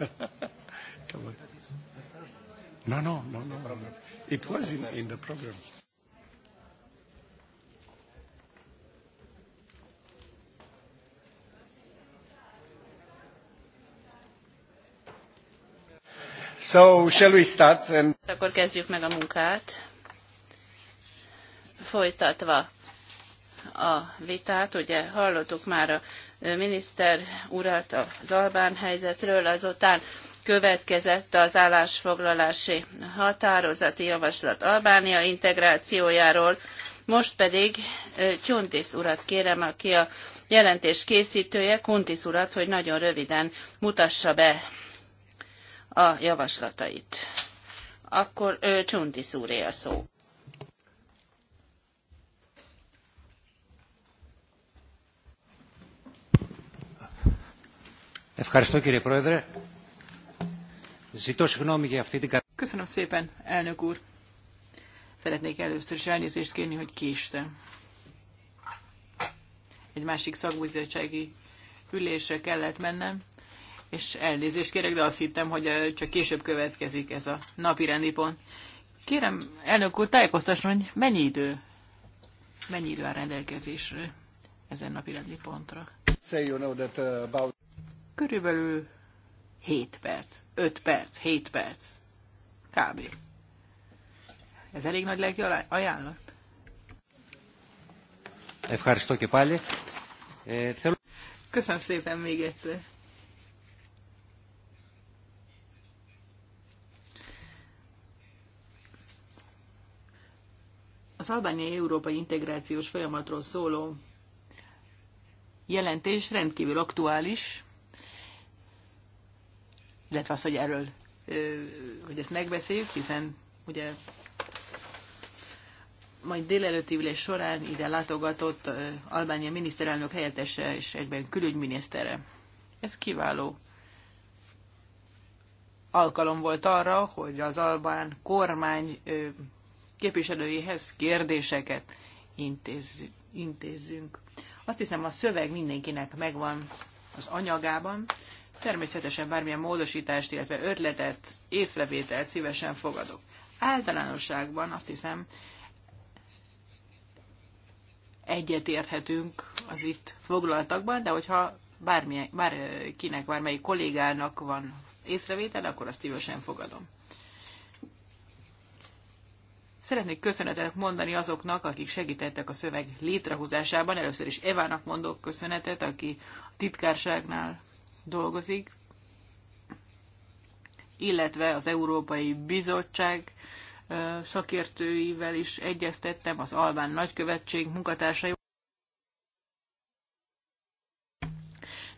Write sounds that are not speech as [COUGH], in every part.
[LAUGHS] Come No, no, no, no. It was in, in the program. So, shall we start? And... Akkor kezdjük meg a munkát. Folytatva a vitát. Ugye hallottuk már a miniszter urat az albán helyzetről, azután következett az állásfoglalási határozati javaslat Albánia integrációjáról, most pedig Csuntis urat kérem, aki a jelentés készítője, Kuntis urat, hogy nagyon röviden mutassa be a javaslatait. Akkor Csuntis úré a szó. Köszönöm szépen, elnök úr. Szeretnék először is elnézést kérni, hogy késtem. Egy másik szakbizottsági ülésre kellett mennem, és elnézést kérek, de azt hittem, hogy csak később következik ez a napi rendi pont. Kérem, elnök úr, tájékoztasson, hogy mennyi idő, mennyi idő a rendelkezésre ezen napi rendi pontra. Say you know that uh, about körülbelül 7 perc, 5 perc, 7 perc, kb. Ez elég nagy lelki ajánlat. Köszönöm szépen még egyszer. Az albániai európai integrációs folyamatról szóló jelentés rendkívül aktuális, illetve az, hogy erről, hogy ezt megbeszéljük, hiszen ugye majd délelőtti ülés során ide látogatott Albánia miniszterelnök helyettese és egyben külügyminisztere. Ez kiváló alkalom volt arra, hogy az albán kormány képviselőihez kérdéseket intézzünk. Azt hiszem, a szöveg mindenkinek megvan az anyagában, Természetesen bármilyen módosítást, illetve ötletet, észrevételt szívesen fogadok. Általánosságban azt hiszem, egyetérthetünk az itt foglaltakban, de hogyha bármilyen, bárkinek, bármelyik kollégának van észrevétel, akkor azt szívesen fogadom. Szeretnék köszönetet mondani azoknak, akik segítettek a szöveg létrehozásában. Először is Evának mondok köszönetet, aki a titkárságnál dolgozik, illetve az Európai Bizottság szakértőivel is egyeztettem, az Albán Nagykövetség munkatársai.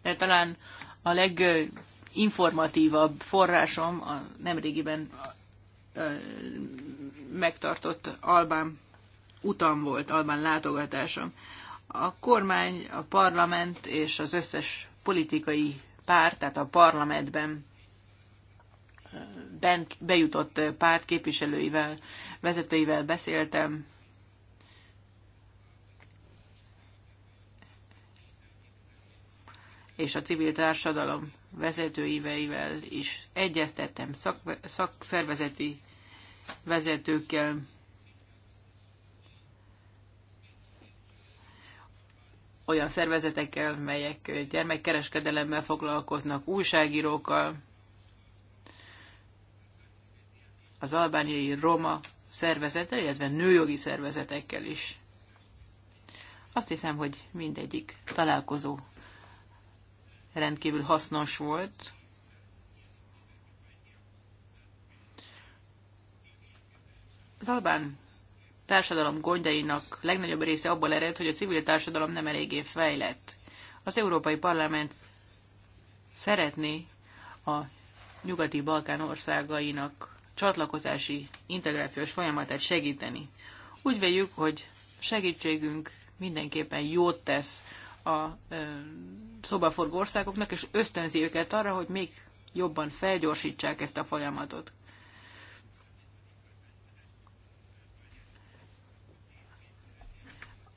De talán a leginformatívabb forrásom a nemrégiben megtartott Albán utam volt, Albán látogatásom. A kormány, a parlament és az összes politikai párt, tehát a parlamentben bent, bejutott párt képviselőivel, vezetőivel beszéltem. és a civil társadalom vezetőiveivel is egyeztettem, szak, szakszervezeti vezetőkkel, olyan szervezetekkel, melyek gyermekkereskedelemmel foglalkoznak, újságírókkal, az albániai roma szervezettel, illetve nőjogi szervezetekkel is. Azt hiszem, hogy mindegyik találkozó rendkívül hasznos volt. Az albán társadalom gondjainak legnagyobb része abból ered, hogy a civil társadalom nem eléggé fejlett. Az Európai Parlament szeretné a nyugati Balkán országainak csatlakozási integrációs folyamatát segíteni. Úgy véljük, hogy segítségünk mindenképpen jót tesz a szobaforgó országoknak, és ösztönzi őket arra, hogy még jobban felgyorsítsák ezt a folyamatot.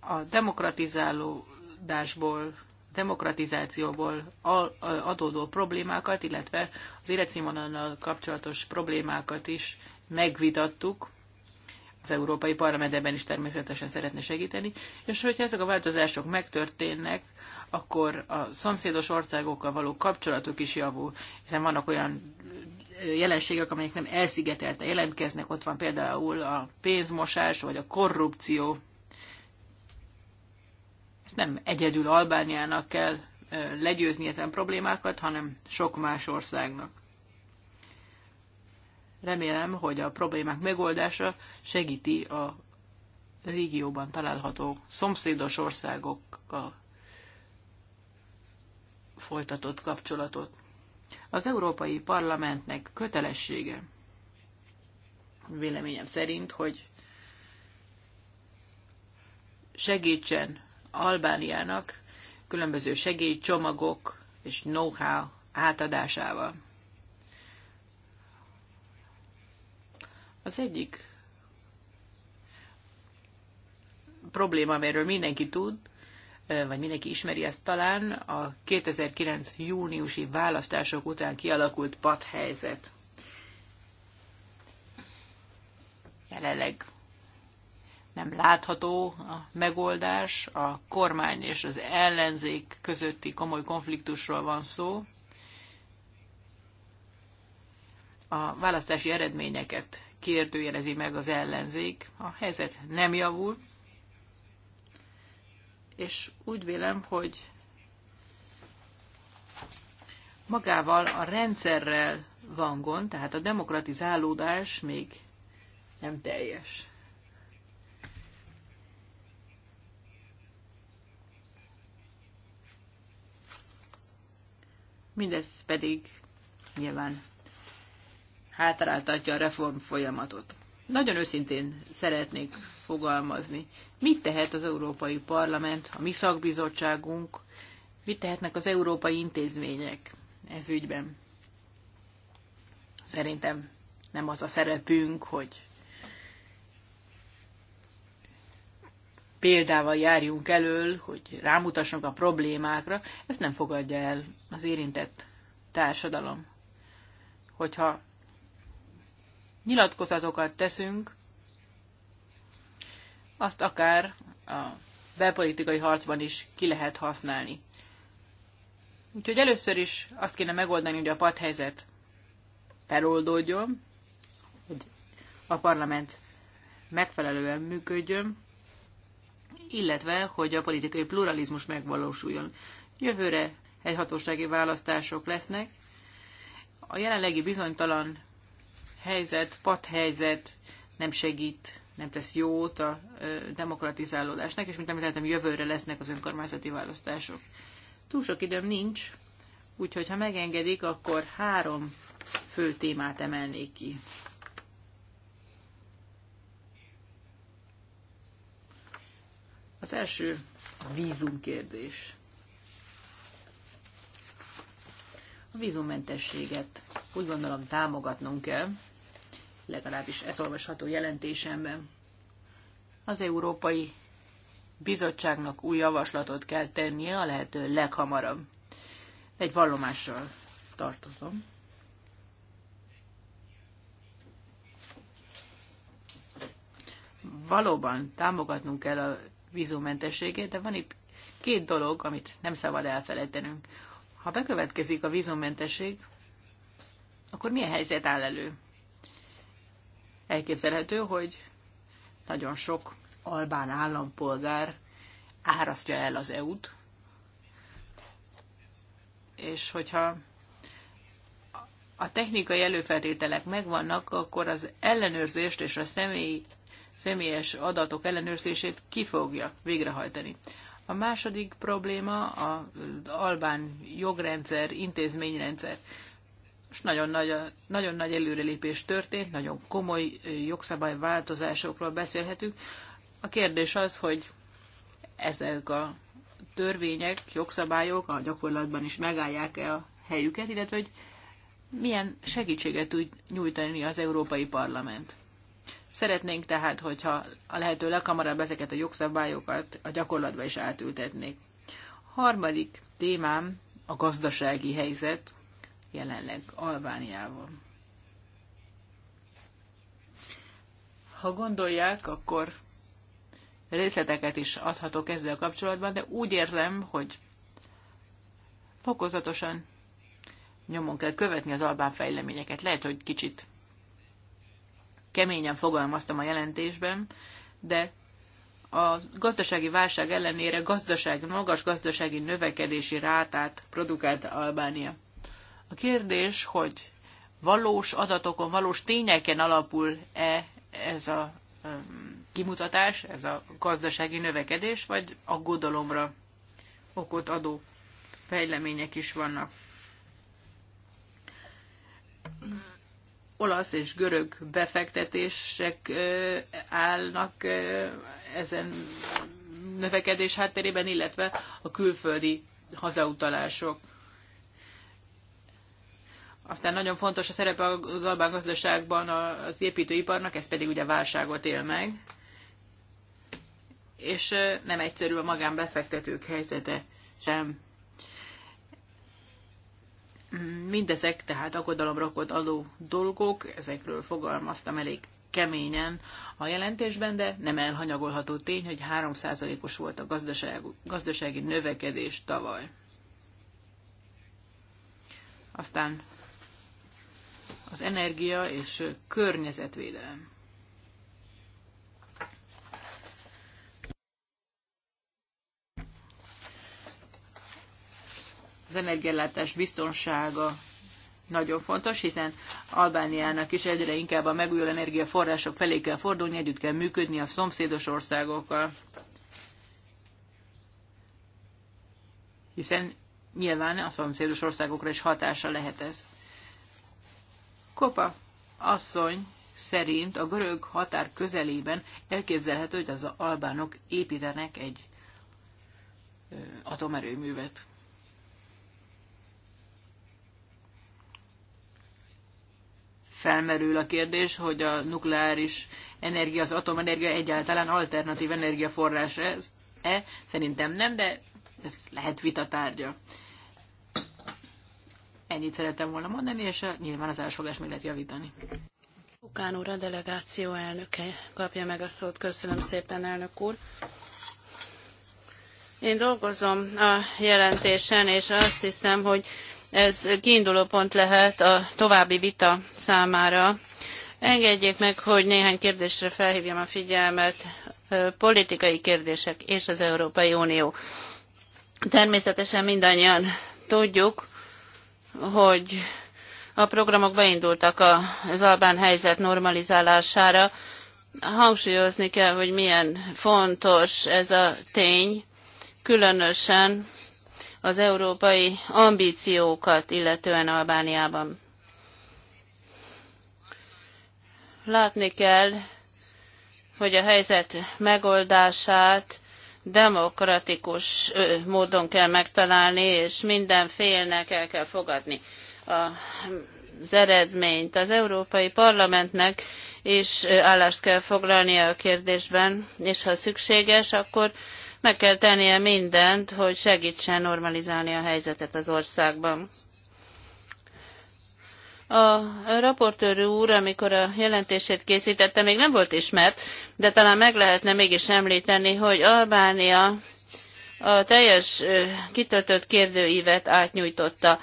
a demokratizálódásból, demokratizációból adódó problémákat, illetve az életszínvonalnal kapcsolatos problémákat is megvitattuk, az Európai Parlament ebben is természetesen szeretne segíteni, és hogyha ezek a változások megtörténnek, akkor a szomszédos országokkal való kapcsolatok is javul, hiszen vannak olyan jelenségek, amelyek nem elszigetelte jelentkeznek, ott van például a pénzmosás, vagy a korrupció, nem egyedül Albániának kell legyőzni ezen problémákat, hanem sok más országnak. Remélem, hogy a problémák megoldása segíti a régióban található szomszédos országokkal folytatott kapcsolatot. Az Európai Parlamentnek kötelessége véleményem szerint, hogy segítsen Albániának különböző segélycsomagok és know-how átadásával. Az egyik probléma, amiről mindenki tud, vagy mindenki ismeri ezt talán, a 2009. júniusi választások után kialakult padhelyzet. Jelenleg nem látható a megoldás, a kormány és az ellenzék közötti komoly konfliktusról van szó. A választási eredményeket kérdőjelezi meg az ellenzék, a helyzet nem javul, és úgy vélem, hogy magával a rendszerrel van gond, tehát a demokratizálódás még nem teljes. Mindez pedig nyilván hátráltatja a reform folyamatot. Nagyon őszintén szeretnék fogalmazni. Mit tehet az Európai Parlament, a mi szakbizottságunk, mit tehetnek az európai intézmények ez ügyben? Szerintem nem az a szerepünk, hogy példával járjunk elől, hogy rámutassunk a problémákra, ezt nem fogadja el az érintett társadalom. Hogyha nyilatkozatokat teszünk, azt akár a belpolitikai harcban is ki lehet használni. Úgyhogy először is azt kéne megoldani, hogy a padhelyzet feloldódjon, hogy a parlament megfelelően működjön, illetve hogy a politikai pluralizmus megvalósuljon. Jövőre hatósági választások lesznek. A jelenlegi bizonytalan helyzet, padhelyzet nem segít, nem tesz jót a demokratizálódásnak, és mint említettem, jövőre lesznek az önkormányzati választások. Túl sok időm nincs, úgyhogy ha megengedik, akkor három fő témát emelnék ki. Az első a vízum kérdés. A vízummentességet úgy gondolom támogatnunk kell, legalábbis ez olvasható jelentésemben. Az Európai Bizottságnak új javaslatot kell tennie a lehető leghamarabb. Egy vallomással tartozom. Valóban támogatnunk kell a vízummentességét, de van itt két dolog, amit nem szabad elfelejtenünk. Ha bekövetkezik a vízummentesség, akkor milyen helyzet áll elő? Elképzelhető, hogy nagyon sok albán állampolgár árasztja el az EU-t, és hogyha a technikai előfeltételek megvannak, akkor az ellenőrzést és a személyi személyes adatok ellenőrzését ki fogja végrehajtani. A második probléma az albán jogrendszer, intézményrendszer. És nagyon nagy, nagyon nagy előrelépés történt, nagyon komoly jogszabályváltozásokról beszélhetünk. A kérdés az, hogy ezek a törvények, jogszabályok a gyakorlatban is megállják-e a helyüket, illetve hogy milyen segítséget tud nyújtani az Európai Parlament. Szeretnénk tehát, hogyha a lehető leghamarabb ezeket a jogszabályokat a gyakorlatba is átültetnék. Harmadik témám a gazdasági helyzet jelenleg Albániában. Ha gondolják, akkor részleteket is adhatok ezzel kapcsolatban, de úgy érzem, hogy fokozatosan nyomon kell követni az albán fejleményeket. Lehet, hogy kicsit keményen fogalmaztam a jelentésben, de a gazdasági válság ellenére gazdaság, magas gazdasági növekedési rátát produkált Albánia. A kérdés, hogy valós adatokon, valós tényeken alapul-e ez a kimutatás, ez a gazdasági növekedés, vagy a aggodalomra okot adó fejlemények is vannak olasz és görög befektetések állnak ezen növekedés hátterében, illetve a külföldi hazautalások. Aztán nagyon fontos a szerepe az albán gazdaságban az építőiparnak, ez pedig ugye válságot él meg, és nem egyszerű a magánbefektetők helyzete sem. Mindezek tehát aggodalomra okot adó dolgok, ezekről fogalmaztam elég keményen a jelentésben, de nem elhanyagolható tény, hogy 3%-os volt a gazdaság, gazdasági növekedés tavaly. Aztán az energia és környezetvédelem. az energiállátás biztonsága nagyon fontos, hiszen Albániának is egyre inkább a megújuló energiaforrások felé kell fordulni, együtt kell működni a szomszédos országokkal. Hiszen nyilván a szomszédos országokra is hatása lehet ez. Kopa asszony szerint a görög határ közelében elképzelhető, hogy az albánok építenek egy atomerőművet. felmerül a kérdés, hogy a nukleáris energia, az atomenergia egyáltalán alternatív energiaforrás ez. E? Szerintem nem, de ez lehet vita tárgya. Ennyit szerettem volna mondani, és nyilván az elsőgás meg lehet javítani. Ukán úr, a delegáció elnöke kapja meg a szót. Köszönöm szépen, elnök úr. Én dolgozom a jelentésen, és azt hiszem, hogy ez kiinduló pont lehet a további vita számára. Engedjék meg, hogy néhány kérdésre felhívjam a figyelmet. Politikai kérdések és az Európai Unió. Természetesen mindannyian tudjuk, hogy a programok beindultak az albán helyzet normalizálására. Hangsúlyozni kell, hogy milyen fontos ez a tény, különösen az európai ambíciókat illetően Albániában. Látni kell, hogy a helyzet megoldását demokratikus módon kell megtalálni, és minden félnek el kell fogadni az eredményt. Az Európai Parlamentnek is állást kell foglalnia a kérdésben, és ha szükséges, akkor meg kell tennie mindent, hogy segítsen normalizálni a helyzetet az országban. A raportőr úr, amikor a jelentését készítette, még nem volt ismert, de talán meg lehetne mégis említeni, hogy Albánia a teljes kitöltött kérdőívet átnyújtotta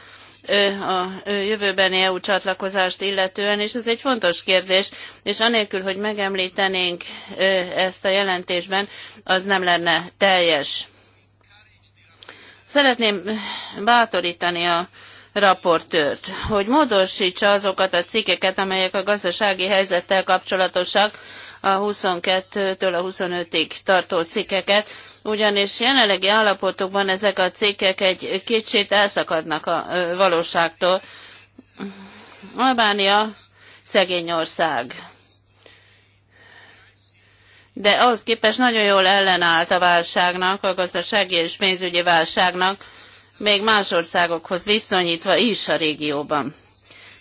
a jövőbeni EU csatlakozást illetően, és ez egy fontos kérdés, és anélkül, hogy megemlítenénk ezt a jelentésben, az nem lenne teljes. Szeretném bátorítani a raportőrt, hogy módosítsa azokat a cikkeket, amelyek a gazdasági helyzettel kapcsolatosak, a 22-től a 25-ig tartó cikkeket, ugyanis jelenlegi állapotokban ezek a cikkek egy kicsit elszakadnak a valóságtól. Albánia szegény ország. De ahhoz képest nagyon jól ellenállt a válságnak, a gazdasági és pénzügyi válságnak, még más országokhoz viszonyítva is a régióban.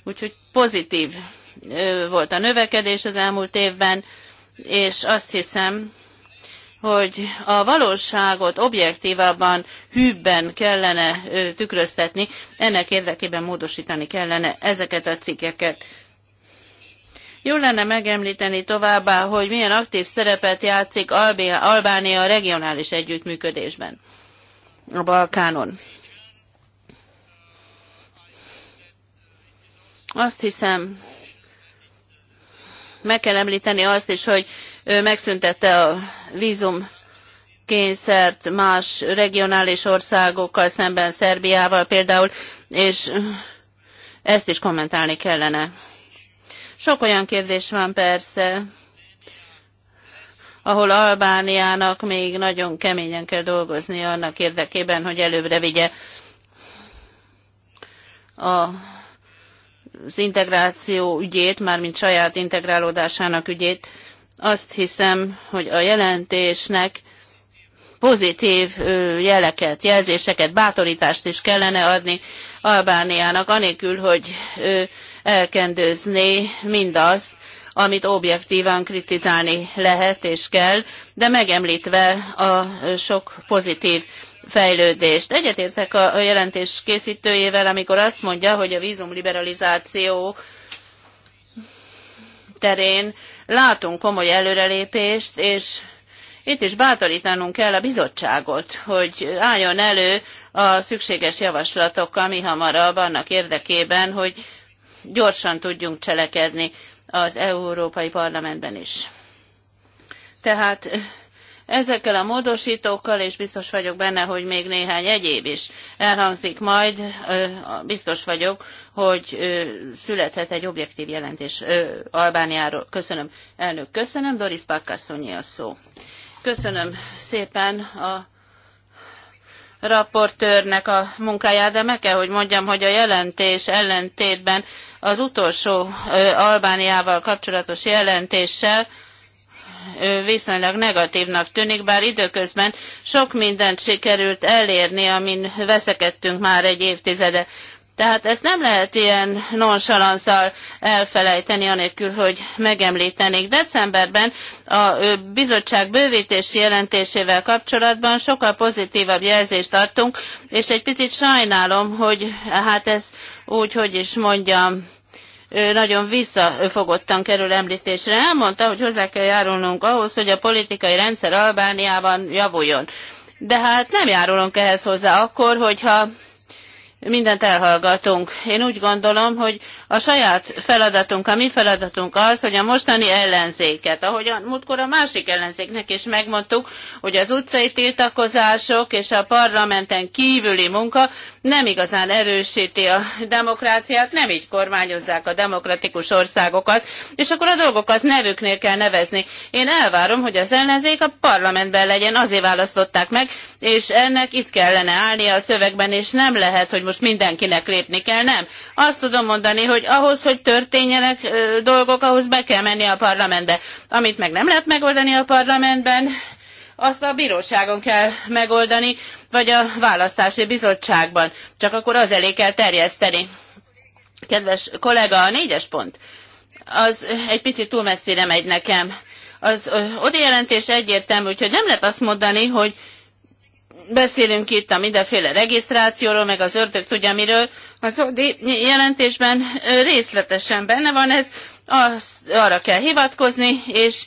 Úgyhogy pozitív volt a növekedés az elmúlt évben, és azt hiszem, hogy a valóságot objektívabban, hűbben kellene tükröztetni, ennek érdekében módosítani kellene ezeket a cikkeket. Jó lenne megemlíteni továbbá, hogy milyen aktív szerepet játszik Albánia a regionális együttműködésben a Balkánon. Azt hiszem, meg kell említeni azt is, hogy ő megszüntette a vízum kényszert más regionális országokkal szemben, Szerbiával például, és ezt is kommentálni kellene. Sok olyan kérdés van persze, ahol Albániának még nagyon keményen kell dolgozni annak érdekében, hogy előbbre vigye a az integráció ügyét, mármint saját integrálódásának ügyét, azt hiszem, hogy a jelentésnek pozitív jeleket, jelzéseket, bátorítást is kellene adni Albániának, anélkül, hogy elkendőzné mindazt, amit objektívan kritizálni lehet és kell, de megemlítve a sok pozitív fejlődést. Egyetértek a jelentés készítőjével, amikor azt mondja, hogy a vízumliberalizáció terén látunk komoly előrelépést, és itt is bátorítanunk kell a bizottságot, hogy álljon elő a szükséges javaslatokkal mi hamarabb annak érdekében, hogy gyorsan tudjunk cselekedni az Európai Parlamentben is. Tehát Ezekkel a módosítókkal, és biztos vagyok benne, hogy még néhány egyéb is elhangzik majd, biztos vagyok, hogy születhet egy objektív jelentés Albániáról. Köszönöm, elnök, köszönöm. Doris Pakkasszonyi a szó. Köszönöm szépen a raportőrnek a munkáját, de meg kell, hogy mondjam, hogy a jelentés ellentétben az utolsó Albániával kapcsolatos jelentéssel viszonylag negatívnak tűnik, bár időközben sok mindent sikerült elérni, amin veszekedtünk már egy évtizede. Tehát ezt nem lehet ilyen nonsalanszal elfelejteni, anélkül, hogy megemlítenék. Decemberben a bizottság bővítési jelentésével kapcsolatban sokkal pozitívabb jelzést adtunk, és egy picit sajnálom, hogy hát ez úgy, hogy is mondjam, nagyon visszafogottan kerül említésre. Elmondta, hogy hozzá kell járulnunk ahhoz, hogy a politikai rendszer Albániában javuljon. De hát nem járulunk ehhez hozzá akkor, hogyha mindent elhallgatunk. Én úgy gondolom, hogy a saját feladatunk, a mi feladatunk az, hogy a mostani ellenzéket, ahogy a múltkor a másik ellenzéknek is megmondtuk, hogy az utcai tiltakozások és a parlamenten kívüli munka nem igazán erősíti a demokráciát, nem így kormányozzák a demokratikus országokat, és akkor a dolgokat nevüknél kell nevezni. Én elvárom, hogy az ellenzék a parlamentben legyen, azért választották meg, és ennek itt kellene állnia a szövegben, és nem lehet, hogy most mindenkinek lépni kell, nem. Azt tudom mondani, hogy ahhoz, hogy történjenek dolgok, ahhoz be kell menni a parlamentbe. Amit meg nem lehet megoldani a parlamentben, azt a bíróságon kell megoldani, vagy a választási bizottságban. Csak akkor az elé kell terjeszteni. Kedves kollega, a négyes pont. Az egy picit túl messzire megy nekem. Az odajelentés egyértelmű, úgyhogy nem lehet azt mondani, hogy beszélünk itt a mindenféle regisztrációról, meg az ördög tudja miről. Az jelentésben részletesen benne van ez, az, arra kell hivatkozni, és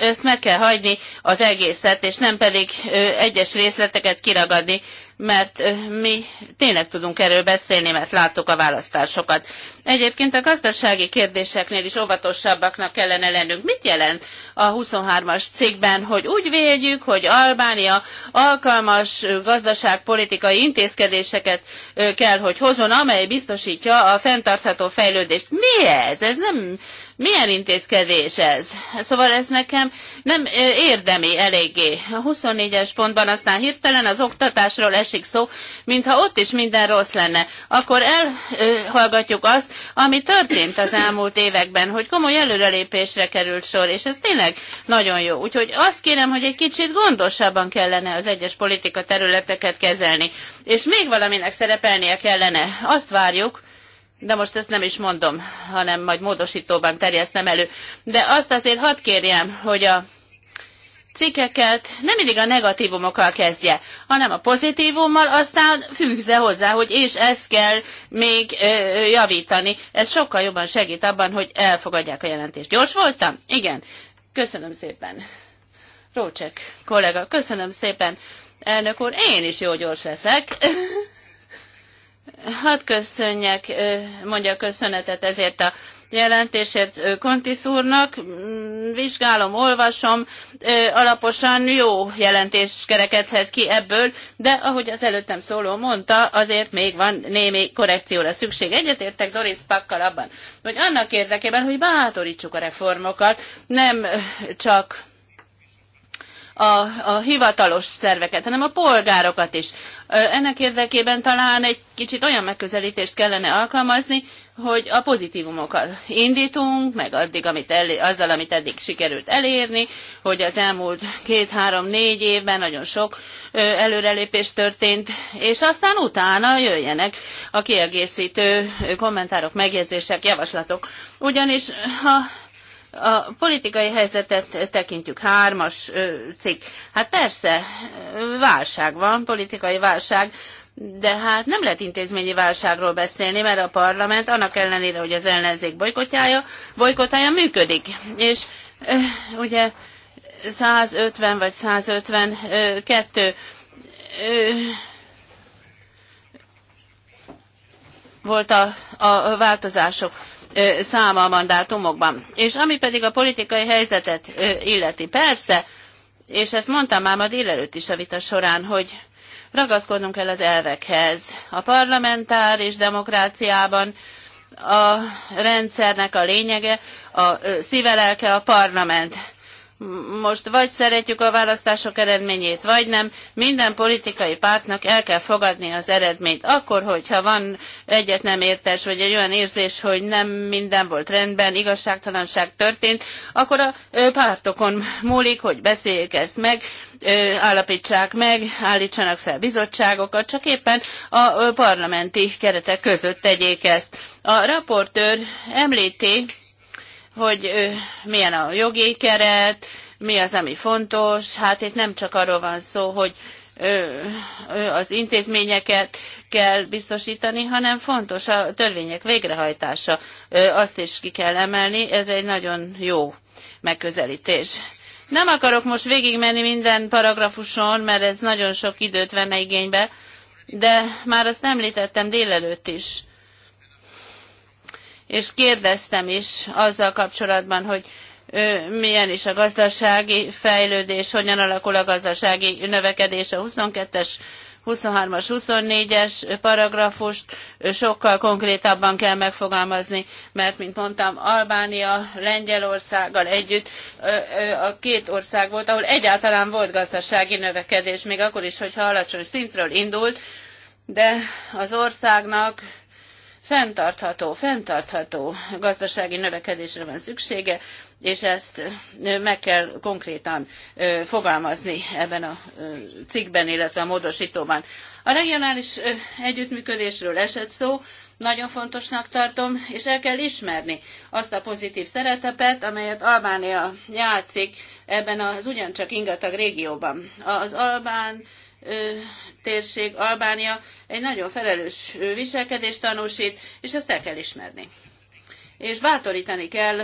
ezt meg kell hagyni az egészet, és nem pedig egyes részleteket kiragadni, mert mi tényleg tudunk erről beszélni, mert láttuk a választásokat. Egyébként a gazdasági kérdéseknél is óvatosabbaknak kellene lennünk. Mit jelent a 23-as cikkben, hogy úgy védjük, hogy Albánia alkalmas gazdaságpolitikai intézkedéseket kell, hogy hozon, amely biztosítja a fenntartható fejlődést. Mi ez? Ez nem milyen intézkedés ez? Szóval ez nekem nem érdemi eléggé. A 24-es pontban aztán hirtelen az oktatásról esik szó, mintha ott is minden rossz lenne. Akkor elhallgatjuk azt, ami történt az elmúlt években, hogy komoly előrelépésre került sor, és ez tényleg nagyon jó. Úgyhogy azt kérem, hogy egy kicsit gondosabban kellene az egyes politika területeket kezelni. És még valaminek szerepelnie kellene. Azt várjuk, de most ezt nem is mondom, hanem majd módosítóban terjesztem elő. De azt azért hadd kérjem, hogy a cikkeket nem mindig a negatívumokkal kezdje, hanem a pozitívummal, aztán fűzze hozzá, hogy és ezt kell még ö, javítani. Ez sokkal jobban segít abban, hogy elfogadják a jelentést. Gyors voltam? Igen. Köszönöm szépen. Rócsek kollega, köszönöm szépen. Elnök úr, én is jó gyors leszek. [LAUGHS] Hadd köszönjek, mondja köszönetet ezért a jelentését Kontis úrnak. Mm, vizsgálom, olvasom, alaposan jó jelentés kerekedhet ki ebből, de ahogy az előttem szóló mondta, azért még van némi korrekcióra szükség. Egyetértek Doris Pakkal abban, hogy annak érdekében, hogy bátorítsuk a reformokat, nem csak a, a hivatalos szerveket, hanem a polgárokat is. Ennek érdekében talán egy kicsit olyan megközelítést kellene alkalmazni, hogy a pozitívumokat indítunk, meg addig, amit elé, azzal, amit eddig sikerült elérni, hogy az elmúlt két-három-négy évben nagyon sok ö, előrelépés történt, és aztán utána jöjjenek a kiegészítő kommentárok, megjegyzések, javaslatok. Ugyanis ha a politikai helyzetet tekintjük hármas cikk. Hát persze, válság van, politikai válság, de hát nem lehet intézményi válságról beszélni, mert a parlament annak ellenére, hogy az ellenzék bolykotája, bolykotája működik. És ugye 150 vagy 152 volt a, a változások száma a mandátumokban. És ami pedig a politikai helyzetet illeti, persze, és ezt mondtam már ma délelőtt is a vita során, hogy ragaszkodnunk kell az elvekhez. A parlamentár és demokráciában a rendszernek a lényege, a szívelelke a parlament most vagy szeretjük a választások eredményét, vagy nem, minden politikai pártnak el kell fogadni az eredményt. Akkor, hogyha van egyet nem értes, vagy egy olyan érzés, hogy nem minden volt rendben, igazságtalanság történt, akkor a pártokon múlik, hogy beszéljék ezt meg, állapítsák meg, állítsanak fel bizottságokat, csak éppen a parlamenti keretek között tegyék ezt. A raportőr említi, hogy milyen a jogi keret, mi az, ami fontos. Hát itt nem csak arról van szó, hogy az intézményeket kell biztosítani, hanem fontos a törvények végrehajtása. Azt is ki kell emelni, ez egy nagyon jó megközelítés. Nem akarok most végigmenni minden paragrafuson, mert ez nagyon sok időt venne igénybe, de már azt említettem délelőtt is, és kérdeztem is azzal kapcsolatban, hogy milyen is a gazdasági fejlődés, hogyan alakul a gazdasági növekedés a 22-es 23-as, 24-es paragrafust sokkal konkrétabban kell megfogalmazni, mert, mint mondtam, Albánia, Lengyelországgal együtt a két ország volt, ahol egyáltalán volt gazdasági növekedés, még akkor is, hogyha alacsony szintről indult, de az országnak fenntartható, fenntartható gazdasági növekedésre van szüksége, és ezt meg kell konkrétan fogalmazni ebben a cikkben, illetve a módosítóban. A regionális együttműködésről esett szó, nagyon fontosnak tartom, és el kell ismerni azt a pozitív szerepet, amelyet Albánia játszik ebben az ugyancsak ingatag régióban. Az albán térség, Albánia egy nagyon felelős viselkedést tanúsít, és ezt el kell ismerni. És bátorítani kell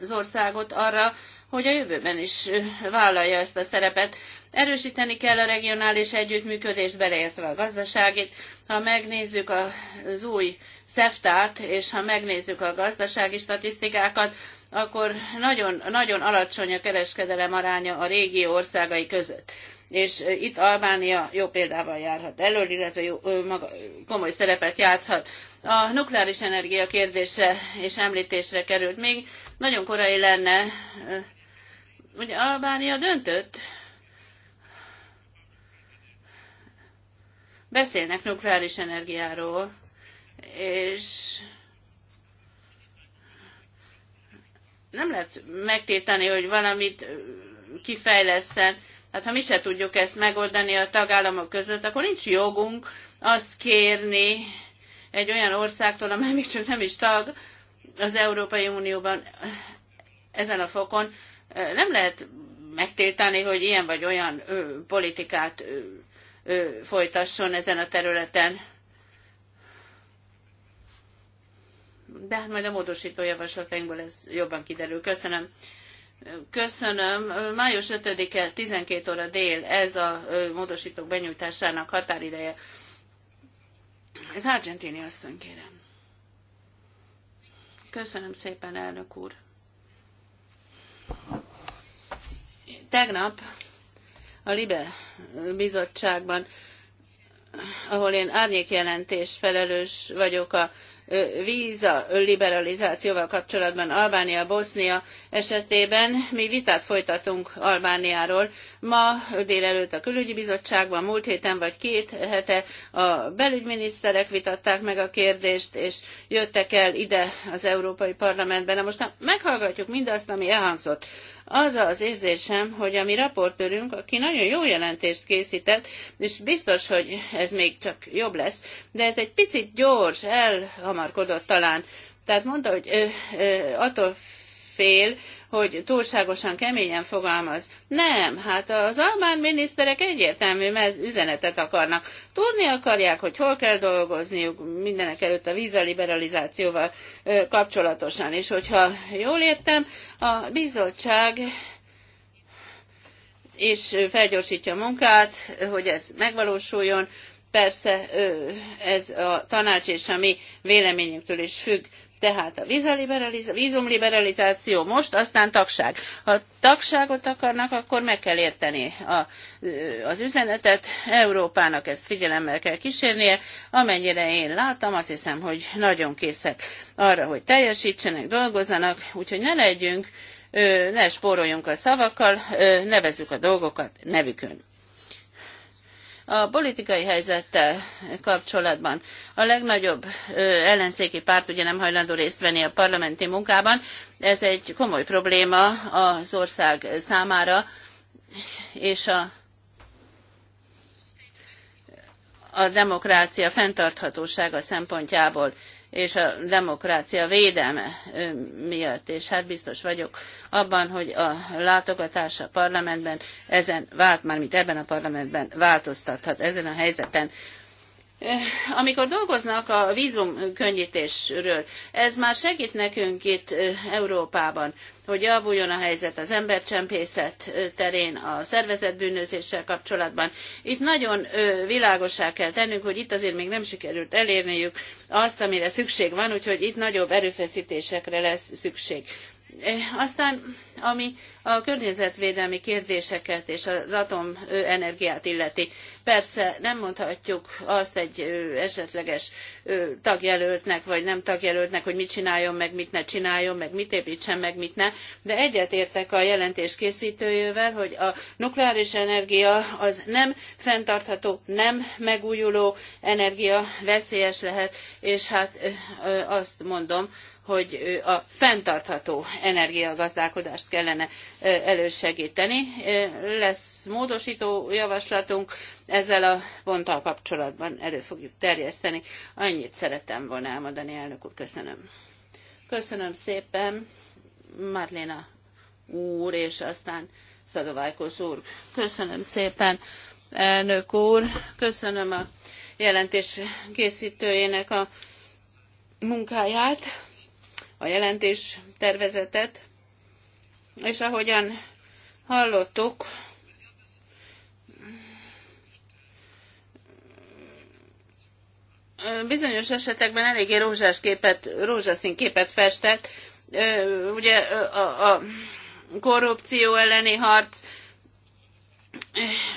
az országot arra, hogy a jövőben is vállalja ezt a szerepet. Erősíteni kell a regionális együttműködést, beleértve a gazdaságit. Ha megnézzük az új szeftát, és ha megnézzük a gazdasági statisztikákat, akkor nagyon, nagyon alacsony a kereskedelem aránya a régió országai között. És itt Albánia jó példával járhat elől, illetve jó, maga, komoly szerepet játszhat. A nukleáris energia kérdése és említésre került még. Nagyon korai lenne, ugye Albánia döntött, beszélnek nukleáris energiáról, és nem lehet megtétani, hogy valamit kifejleszten. Hát ha mi se tudjuk ezt megoldani a tagállamok között, akkor nincs jogunk azt kérni egy olyan országtól, amely még csak nem is tag az Európai Unióban ezen a fokon. Nem lehet megtiltani, hogy ilyen vagy olyan ö, politikát ö, ö, folytasson ezen a területen. de hát majd a módosító javaslatainkból ez jobban kiderül. Köszönöm. Köszönöm. Május 5-e 12 óra dél, ez a módosítók benyújtásának határideje. Ez argentini asszony, kérem. Köszönöm szépen, elnök úr. Tegnap a Libe bizottságban, ahol én árnyékjelentés felelős vagyok a víza liberalizációval kapcsolatban Albánia, Bosznia esetében. Mi vitát folytatunk Albániáról. Ma délelőtt a külügyi bizottságban, múlt héten vagy két hete a belügyminiszterek vitatták meg a kérdést, és jöttek el ide az Európai Parlamentben. Na most meghallgatjuk mindazt, ami elhangzott az az érzésem, hogy a mi raportőrünk, aki nagyon jó jelentést készített, és biztos, hogy ez még csak jobb lesz, de ez egy picit gyors, elhamar elhamarkodott talán. Tehát mondta, hogy ö, ö, attól fél, hogy túlságosan keményen fogalmaz. Nem, hát az albán miniszterek egyértelmű mez üzenetet akarnak. Tudni akarják, hogy hol kell dolgozniuk, mindenek előtt a vízaliberalizációval kapcsolatosan. És hogyha jól értem, a bizottság és felgyorsítja a munkát, hogy ez megvalósuljon, Persze ez a tanács és a mi véleményünktől is függ, tehát a vízumliberalizáció most, aztán tagság. Ha tagságot akarnak, akkor meg kell érteni a, az üzenetet. Európának ezt figyelemmel kell kísérnie. Amennyire én látom, azt hiszem, hogy nagyon készek arra, hogy teljesítsenek, dolgozzanak, úgyhogy ne legyünk, ne spóroljunk a szavakkal, nevezzük a dolgokat nevükön. A politikai helyzettel kapcsolatban a legnagyobb ellenzéki párt ugye nem hajlandó részt venni a parlamenti munkában. Ez egy komoly probléma az ország számára, és a a demokrácia fenntarthatósága szempontjából és a demokrácia védelme miatt. És hát biztos vagyok abban, hogy a látogatás a parlamentben ezen vált, mármint ebben a parlamentben változtathat ezen a helyzeten. Eh, amikor dolgoznak a vízum könnyítésről, ez már segít nekünk itt eh, Európában, hogy javuljon a helyzet az embercsempészet eh, terén, a szervezett bűnözéssel kapcsolatban. Itt nagyon világosá kell tennünk, hogy itt azért még nem sikerült elérniük azt, amire szükség van, úgyhogy itt nagyobb erőfeszítésekre lesz szükség. Eh, aztán, ami a környezetvédelmi kérdéseket és az atomenergiát illeti, persze nem mondhatjuk azt egy esetleges tagjelöltnek, vagy nem tagjelöltnek, hogy mit csináljon, meg mit ne csináljon, meg mit építsen, meg mit ne, de egyetértek a jelentés készítőjével, hogy a nukleáris energia az nem fenntartható, nem megújuló energia, veszélyes lehet, és hát azt mondom, hogy a fenntartható energiagazdálkodást kellene elősegíteni. Lesz módosító javaslatunk, ezzel a ponttal kapcsolatban elő fogjuk terjeszteni. Annyit szerettem volna elmondani, elnök úr, köszönöm. Köszönöm szépen, Madlena úr, és aztán Szadovájkos úr. Köszönöm szépen, elnök úr, köszönöm a jelentés készítőjének a munkáját a jelentés tervezetet, és ahogyan hallottuk, bizonyos esetekben eléggé rózsás képet, rózsaszín képet festett. Ugye a, a korrupció elleni harc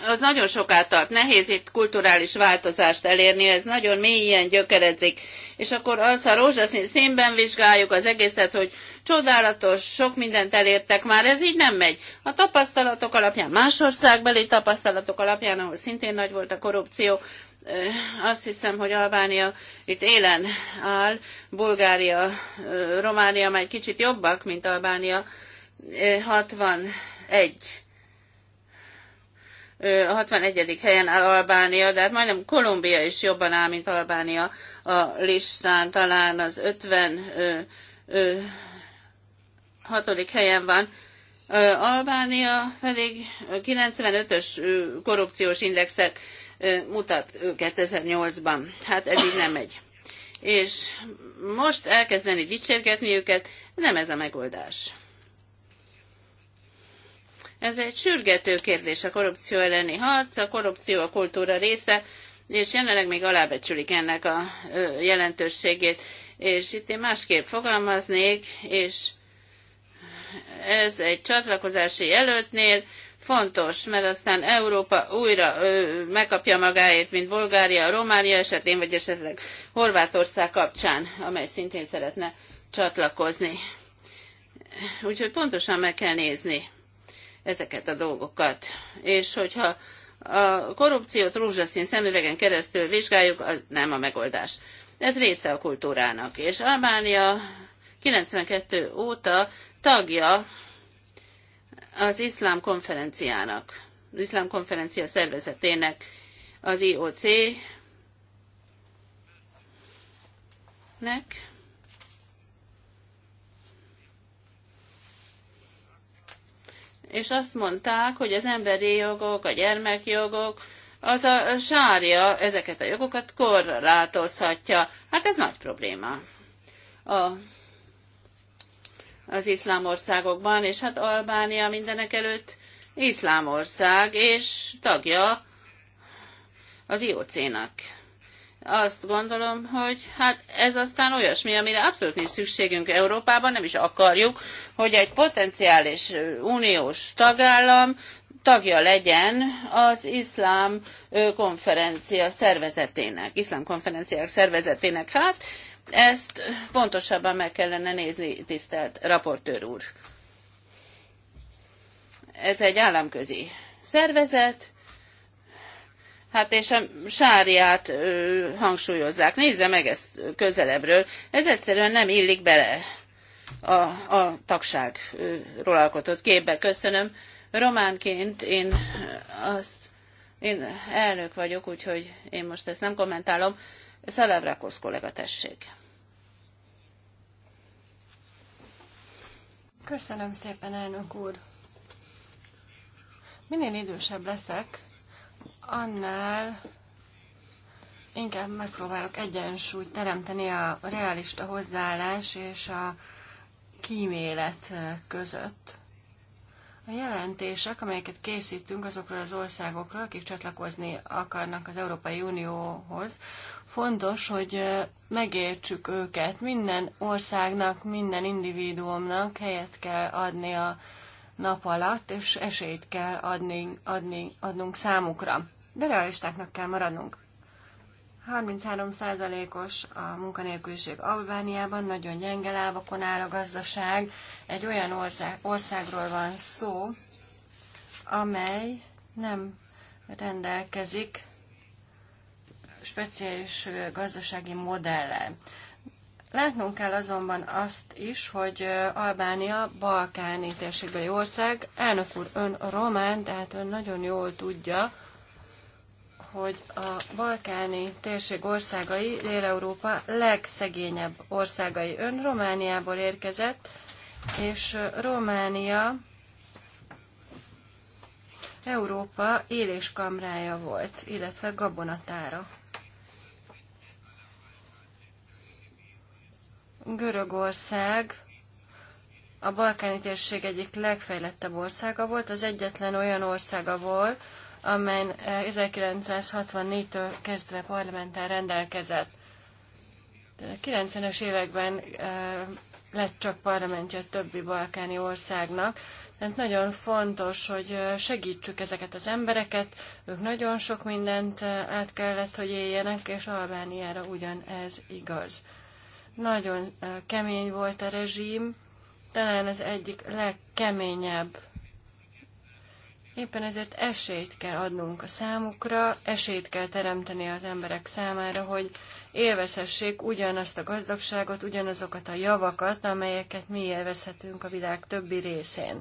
az nagyon soká tart, nehéz itt kulturális változást elérni, ez nagyon mélyen gyökeredzik. És akkor az, ha rózsaszín színben vizsgáljuk az egészet, hogy csodálatos, sok mindent elértek már, ez így nem megy. A tapasztalatok alapján, más országbeli tapasztalatok alapján, ahol szintén nagy volt a korrupció, eh, azt hiszem, hogy Albánia itt élen áll, Bulgária, eh, Románia már egy kicsit jobbak, mint Albánia, 61 eh, a 61. helyen áll Albánia, de hát majdnem Kolumbia is jobban áll, mint Albánia a listán, talán az 50 hatodik helyen van. Albánia pedig 95-ös korrupciós indexet mutat 2008-ban. Hát ez így nem megy. És most elkezdeni dicsérgetni őket, nem ez a megoldás. Ez egy sürgető kérdés a korrupció elleni harc, a korrupció a kultúra része, és jelenleg még alábecsülik ennek a jelentőségét. És itt én másképp fogalmaznék, és ez egy csatlakozási előttnél fontos, mert aztán Európa újra ö, megkapja magáét, mint Bulgária, Románia esetén, vagy esetleg Horvátország kapcsán, amely szintén szeretne csatlakozni. Úgyhogy pontosan meg kell nézni ezeket a dolgokat. És hogyha a korrupciót rózsaszín szemüvegen keresztül vizsgáljuk, az nem a megoldás. Ez része a kultúrának. És Albánia 92 óta tagja az iszlám konferenciának, az iszlám konferencia szervezetének, az IOC-nek, és azt mondták, hogy az emberi jogok, a gyermekjogok, az a sárja ezeket a jogokat korlátozhatja. Hát ez nagy probléma a, az iszlám országokban, és hát Albánia mindenek előtt iszlám ország, és tagja az IOC-nak azt gondolom, hogy hát ez aztán olyasmi, amire abszolút nincs szükségünk Európában, nem is akarjuk, hogy egy potenciális uniós tagállam tagja legyen az iszlám konferencia szervezetének, iszlám konferenciák szervezetének. Hát ezt pontosabban meg kellene nézni, tisztelt raportőr úr. Ez egy államközi szervezet, hát és a sáriát ö, hangsúlyozzák. Nézze meg ezt közelebbről. Ez egyszerűen nem illik bele a, a tagságról alkotott képbe. Köszönöm. Románként én azt, én elnök vagyok, úgyhogy én most ezt nem kommentálom. Szalav kollega, tessék. Köszönöm szépen, elnök úr. Minél idősebb leszek, annál inkább megpróbálok egyensúlyt teremteni a realista hozzáállás és a kímélet között. A jelentések, amelyeket készítünk azokról az országokról, akik csatlakozni akarnak az Európai Unióhoz, fontos, hogy megértsük őket. Minden országnak, minden individuumnak helyet kell adni a nap alatt, és esélyt kell adni, adni, adnunk számukra de realistáknak kell maradnunk. 33%-os a munkanélküliség Albániában, nagyon gyenge lábakon áll a gazdaság. Egy olyan ország, országról van szó, amely nem rendelkezik speciális gazdasági modellel. Látnunk kell azonban azt is, hogy Albánia balkáni térségbeli ország. Elnök úr, ön román, tehát ön nagyon jól tudja, hogy a balkáni térség országai, Dél-Európa legszegényebb országai. Ön Romániából érkezett, és Románia Európa éléskamrája volt, illetve gabonatára. Görögország a balkáni térség egyik legfejlettebb országa volt, az egyetlen olyan országa volt, amely 1964-től eh, kezdve parlamenten rendelkezett. De a 90-es években eh, lett csak parlamentje a többi balkáni országnak, tehát nagyon fontos, hogy eh, segítsük ezeket az embereket, ők nagyon sok mindent át kellett, hogy éljenek, és Albániára ugyanez igaz. Nagyon kemény volt a rezsim, talán az egyik legkeményebb Éppen ezért esélyt kell adnunk a számukra, esélyt kell teremteni az emberek számára, hogy élvezhessék ugyanazt a gazdagságot, ugyanazokat a javakat, amelyeket mi élvezhetünk a világ többi részén.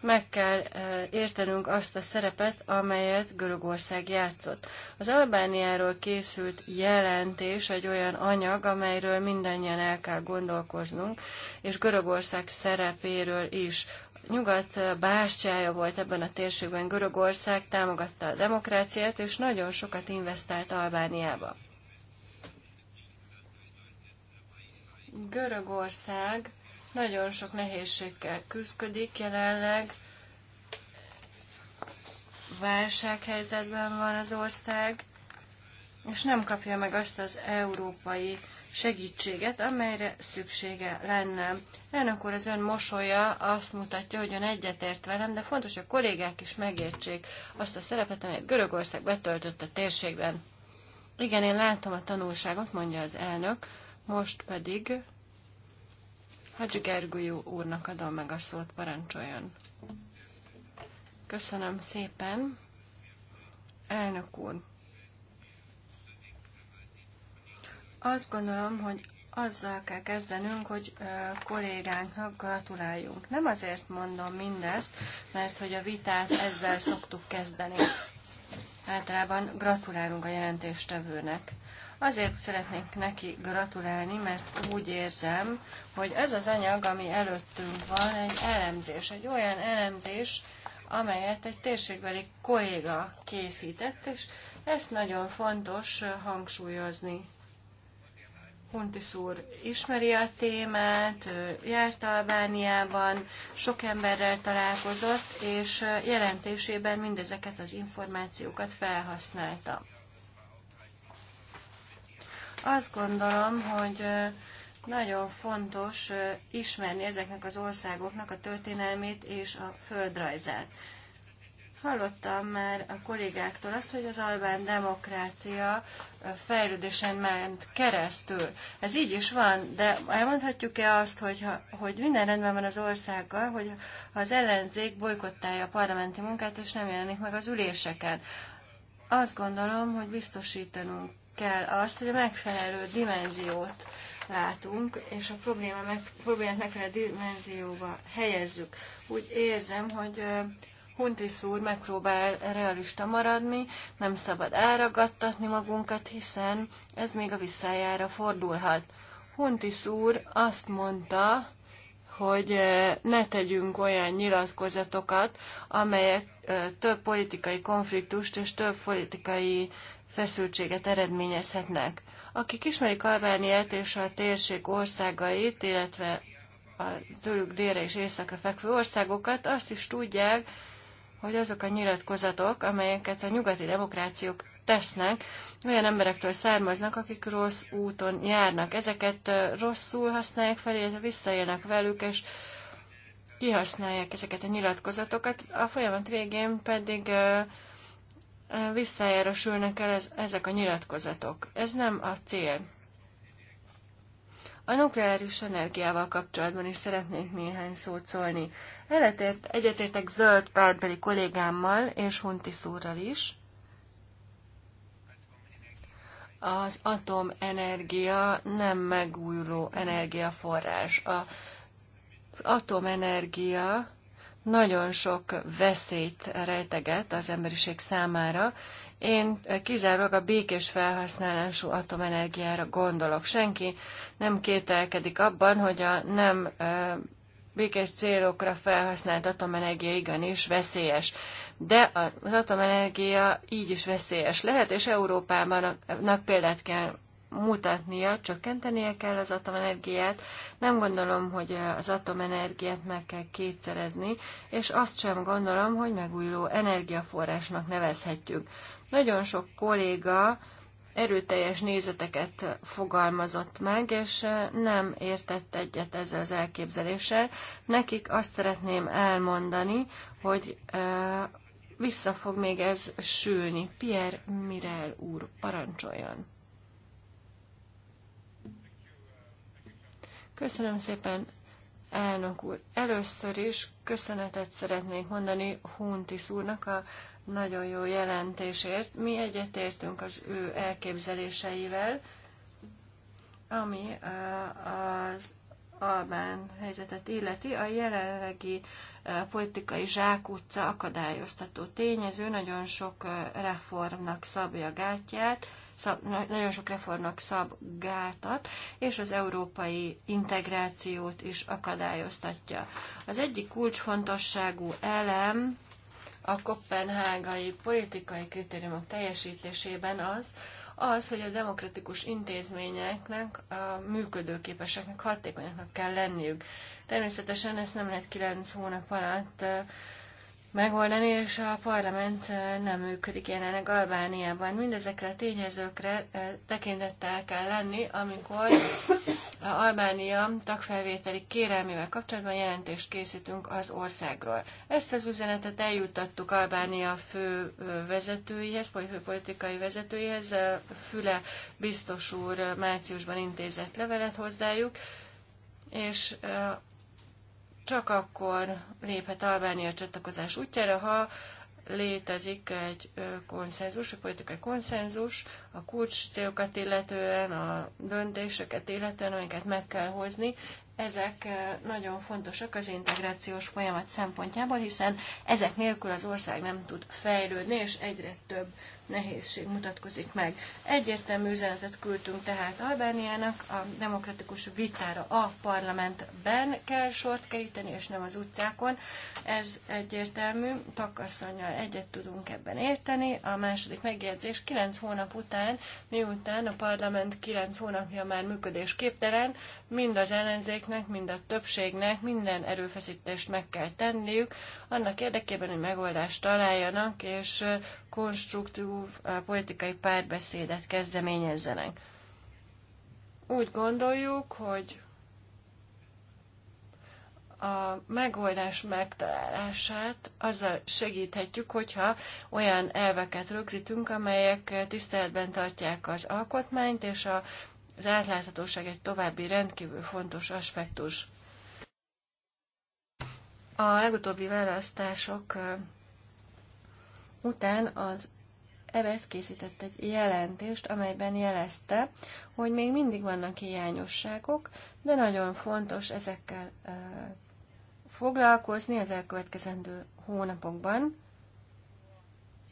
Meg kell eh, értenünk azt a szerepet, amelyet Görögország játszott. Az Albániáról készült jelentés egy olyan anyag, amelyről mindannyian el kell gondolkoznunk, és Görögország szerepéről is nyugat bástyája volt ebben a térségben. Görögország támogatta a demokráciát, és nagyon sokat investált Albániába. Görögország nagyon sok nehézségkel küzdik jelenleg, válsághelyzetben van az ország, és nem kapja meg azt az európai segítséget, amelyre szüksége lenne. Elnök úr, az ön mosolya azt mutatja, hogy ön egyetért velem, de fontos, hogy a kollégák is megértsék azt a szerepet, amelyet Görögország betöltött a térségben. Igen, én látom a tanulságot, mondja az elnök, most pedig Hadzsi Gergőjú úrnak adom meg a szót, parancsoljon. Köszönöm szépen. Elnök úr, Azt gondolom, hogy azzal kell kezdenünk, hogy kollégánknak gratuláljunk. Nem azért mondom mindezt, mert hogy a vitát ezzel szoktuk kezdeni. Általában gratulálunk a jelentéstevőnek. Azért szeretnék neki gratulálni, mert úgy érzem, hogy ez az anyag, ami előttünk van, egy elemzés, egy olyan elemzés, amelyet egy térségbeli kolléga készített, és ezt nagyon fontos hangsúlyozni. Huntis úr ismeri a témát, járt Albániában, sok emberrel találkozott, és jelentésében mindezeket az információkat felhasználta. Azt gondolom, hogy nagyon fontos ismerni ezeknek az országoknak a történelmét és a földrajzát. Hallottam már a kollégáktól azt, hogy az albán demokrácia fejlődésen ment keresztül. Ez így is van, de elmondhatjuk-e azt, hogy, ha, hogy minden rendben van az országgal, hogy ha az ellenzék bolykottálja a parlamenti munkát, és nem jelenik meg az üléseken? Azt gondolom, hogy biztosítanunk kell azt, hogy a megfelelő dimenziót látunk, és a problémát meg, problémát megfelelő dimenzióba helyezzük. Úgy érzem, hogy Huntis úr megpróbál realista maradni, nem szabad elragadtatni magunkat, hiszen ez még a visszájára fordulhat. Huntis úr azt mondta, hogy eh, ne tegyünk olyan nyilatkozatokat, amelyek eh, több politikai konfliktust és több politikai feszültséget eredményezhetnek. Akik ismerik Albániát és a térség országait, illetve a tőlük délre és északra fekvő országokat, azt is tudják, hogy azok a nyilatkozatok, amelyeket a nyugati demokrációk tesznek, olyan emberektől származnak, akik rossz úton járnak. Ezeket rosszul használják fel, illetve visszaélnek velük, és kihasználják ezeket a nyilatkozatokat. A folyamat végén pedig visszajárosülnek el ez, ezek a nyilatkozatok. Ez nem a cél. A nukleáris energiával kapcsolatban is szeretnék néhány szót szólni. Eletért, egyetértek zöld pártbeli kollégámmal és Hunti úrral is. Az atomenergia nem megújuló energiaforrás. Az atomenergia nagyon sok veszélyt rejteget az emberiség számára. Én kizárólag a békés felhasználású atomenergiára gondolok. Senki nem kételkedik abban, hogy a nem békés célokra felhasznált atomenergia igenis veszélyes. De az atomenergia így is veszélyes lehet, és Európában például kell mutatnia, csökkentenie kell az atomenergiát. Nem gondolom, hogy az atomenergiát meg kell kétszerezni, és azt sem gondolom, hogy megújuló energiaforrásnak nevezhetjük. Nagyon sok kolléga erőteljes nézeteket fogalmazott meg, és nem értett egyet ezzel az elképzeléssel. Nekik azt szeretném elmondani, hogy vissza fog még ez sülni. Pierre Mirel úr, parancsoljon! Köszönöm szépen, elnök úr. Először is köszönetet szeretnék mondani Huntis úrnak a nagyon jó jelentésért. Mi egyetértünk az ő elképzeléseivel, ami az albán helyzetet illeti, a jelenlegi politikai zsákutca akadályoztató tényező nagyon sok reformnak szabja gátját, szab, nagyon sok reformnak szabgáltat, és az európai integrációt is akadályoztatja. Az egyik kulcsfontosságú elem a kopenhágai politikai kritériumok teljesítésében az, az, hogy a demokratikus intézményeknek, a működőképeseknek, hatékonyaknak kell lenniük. Természetesen ezt nem lehet kilenc hónap alatt megoldani, és a parlament eh, nem működik jelenleg Albániában. Mindezekre a tényezőkre eh, tekintettel kell lenni, amikor a Albánia tagfelvételi kérelmével kapcsolatban jelentést készítünk az országról. Ezt az üzenetet eljuttattuk Albánia fő eh, vezetőihez, vagy főpolitikai vezetőihez. Füle biztos úr márciusban intézett levelet hozzájuk, és csak akkor léphet Albánia csatlakozás útjára, ha létezik egy konszenzus, egy politikai konszenzus a kulcs célokat illetően, a döntéseket illetően, amiket meg kell hozni. Ezek nagyon fontosak az integrációs folyamat szempontjából, hiszen ezek nélkül az ország nem tud fejlődni, és egyre több nehézség mutatkozik meg. Egyértelmű üzenetet küldtünk tehát Albániának, a demokratikus vitára a parlamentben kell sort keríteni, és nem az utcákon. Ez egyértelmű, takasszonyal egyet tudunk ebben érteni. A második megjegyzés 9 hónap után, miután a parlament 9 hónapja már működésképtelen, mind az ellenzéknek, mind a többségnek minden erőfeszítést meg kell tenniük, annak érdekében, hogy megoldást találjanak, és konstruktív politikai párbeszédet kezdeményezzenek. Úgy gondoljuk, hogy a megoldás megtalálását azzal segíthetjük, hogyha olyan elveket rögzítünk, amelyek tiszteletben tartják az alkotmányt, és a, az átláthatóság egy további rendkívül fontos aspektus. A legutóbbi választások után az Evesz készített egy jelentést, amelyben jelezte, hogy még mindig vannak hiányosságok, de nagyon fontos ezekkel foglalkozni az elkövetkezendő hónapokban,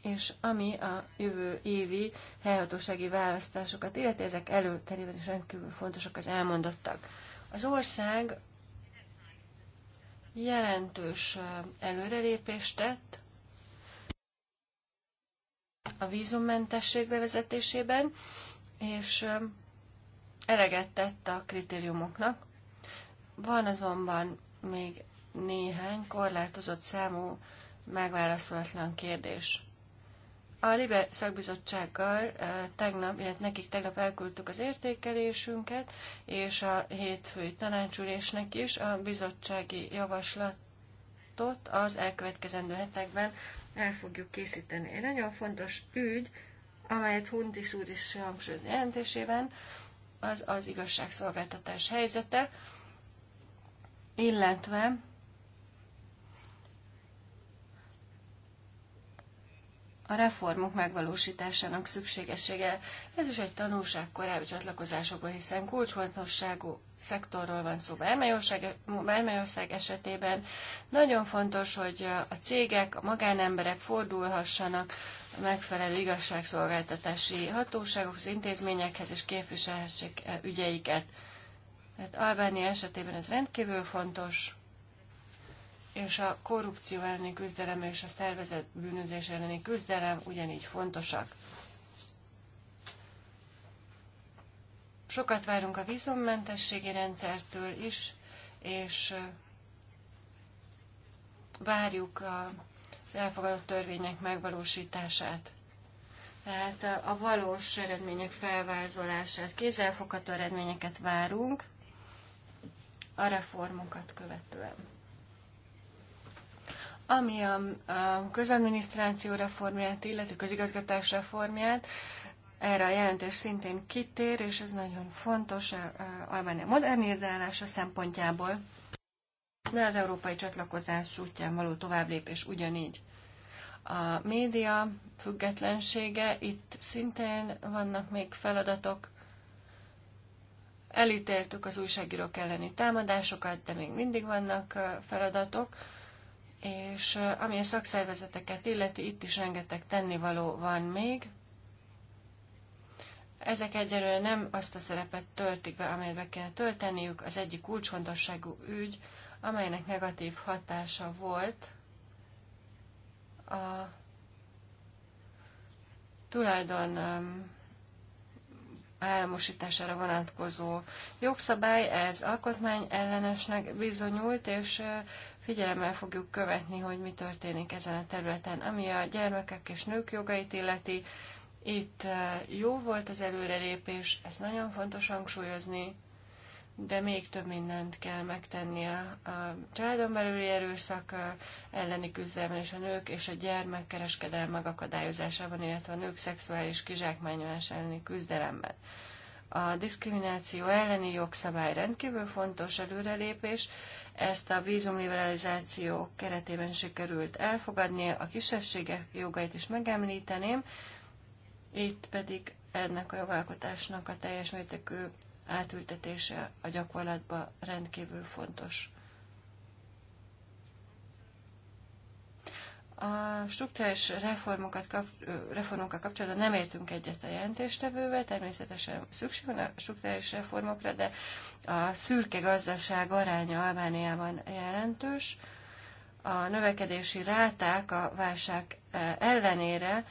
és ami a jövő évi helyhatósági választásokat illeti, ezek előterében is rendkívül fontosak az elmondottak. Az ország jelentős előrelépést tett a vízummentesség bevezetésében, és eleget tett a kritériumoknak. Van azonban még néhány korlátozott számú megválaszolatlan kérdés. A Libe szakbizottsággal tegnap, illetve nekik tegnap elküldtük az értékelésünket, és a hétfői tanácsülésnek is a bizottsági javaslatot az elkövetkezendő hetekben el fogjuk készíteni. Egy nagyon fontos ügy, amelyet Huntis úr is hangsúlyoz jelentésében, az az igazságszolgáltatás helyzete, illetve a reformok megvalósításának szükségessége. Ez is egy tanulság korábbi csatlakozásokból, hiszen kulcsfontosságú szektorról van szó. Bármelyország esetében nagyon fontos, hogy a cégek, a magánemberek fordulhassanak a megfelelő igazságszolgáltatási hatóságokhoz, intézményekhez és képviselhessék eh, ügyeiket. Tehát Albánia esetében ez rendkívül fontos és a korrupció elleni küzdelem és a szervezett bűnözés elleni küzdelem ugyanígy fontosak. Sokat várunk a vízummentességi rendszertől is, és várjuk az elfogadott törvények megvalósítását. Tehát a valós eredmények felvázolását, kézzelfogható eredményeket várunk a reformokat követően. Ami a, a közadminisztráció reformját, illetve közigazgatás reformját, erre a jelentés szintén kitér, és ez nagyon fontos Albánia modernizálása szempontjából, de az európai csatlakozás útján való továbblépés ugyanígy. A média függetlensége, itt szintén vannak még feladatok. Elítéltük az újságírók elleni támadásokat, de még mindig vannak feladatok és ami a szakszervezeteket illeti, itt is rengeteg tennivaló van még. Ezek egyelőre nem azt a szerepet töltik be, amelyet be kéne tölteniük. Az egyik kulcsfontosságú ügy, amelynek negatív hatása volt a tulajdon államosítására vonatkozó jogszabály, ez alkotmány ellenesnek bizonyult, és Figyelemmel fogjuk követni, hogy mi történik ezen a területen, ami a gyermekek és nők jogait illeti. Itt eh, jó volt az előrelépés, ezt nagyon fontos hangsúlyozni, de még több mindent kell megtenni a, a családon belüli erőszak eh, elleni küzdelemben és a nők és a gyermekkereskedelem megakadályozásában, illetve a nők szexuális kizsákmányolás elleni küzdelemben. A diszkrimináció elleni jogszabály rendkívül fontos előrelépés, ezt a vízumliberalizáció keretében sikerült elfogadni, a kisebbségek jogait is megemlíteném, itt pedig ennek a jogalkotásnak a teljes mértékű átültetése a gyakorlatba rendkívül fontos. A struktúrás reformokat kap, reformokkal kapcsolatban nem értünk egyet a jelentéstevővel, természetesen szükség van a struktúrális reformokra, de a szürke gazdaság aránya Albániában jelentős. A növekedési ráták a válság ellenére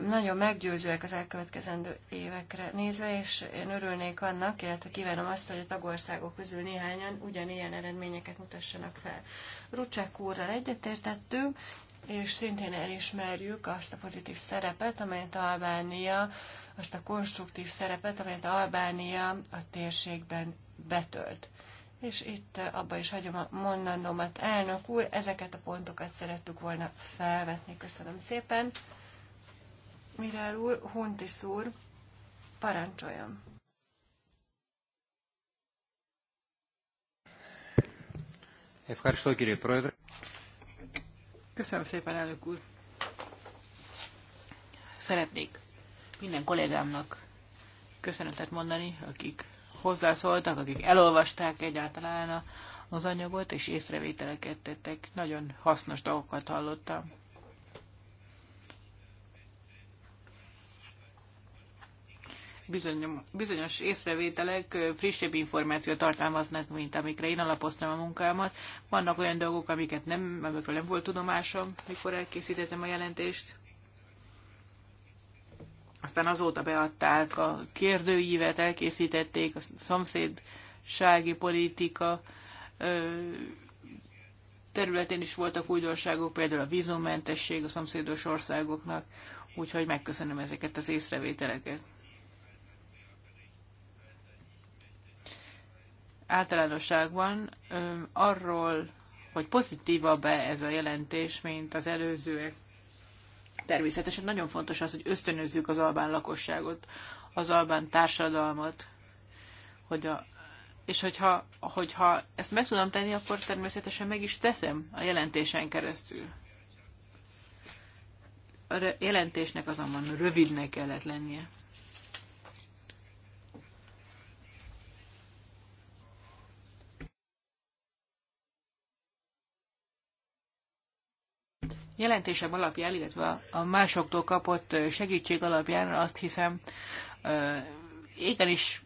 nagyon meggyőzőek az elkövetkezendő évekre nézve, és én örülnék annak, illetve kívánom azt, hogy a tagországok közül néhányan ugyanilyen eredményeket mutassanak fel. Rucsák úrral egyetértettünk, és szintén elismerjük azt a pozitív szerepet, amelyet Albánia, azt a konstruktív szerepet, amelyet Albánia a térségben betölt. És itt abba is hagyom a mondandómat, elnök úr, ezeket a pontokat szerettük volna felvetni. Köszönöm szépen. Mirál úr, Huntis úr, parancsoljon. Ευχαριστώ Köszönöm szépen, elnök úr. Szeretnék minden kollégámnak köszönetet mondani, akik hozzászóltak, akik elolvasták egyáltalán az anyagot, és észrevételeket tettek. Nagyon hasznos dolgokat hallottam. bizonyos észrevételek frissebb információt tartalmaznak, mint amikre én alapoztam a munkámat. Vannak olyan dolgok, amiket nem, amikről nem volt tudomásom, mikor elkészítettem a jelentést. Aztán azóta beadták a kérdőívet, elkészítették a szomszédsági politika területén is voltak újdonságok, például a vízummentesség a szomszédos országoknak, úgyhogy megköszönöm ezeket az észrevételeket. általánosságban arról, hogy pozitívabb-e ez a jelentés, mint az előzőek. Természetesen nagyon fontos az, hogy ösztönözzük az albán lakosságot, az albán társadalmat, hogy a, és hogyha, hogyha ezt meg tudom tenni, akkor természetesen meg is teszem a jelentésen keresztül. A jelentésnek azonban rövidnek kellett lennie. jelentésem alapján, illetve a másoktól kapott segítség alapján azt hiszem, igenis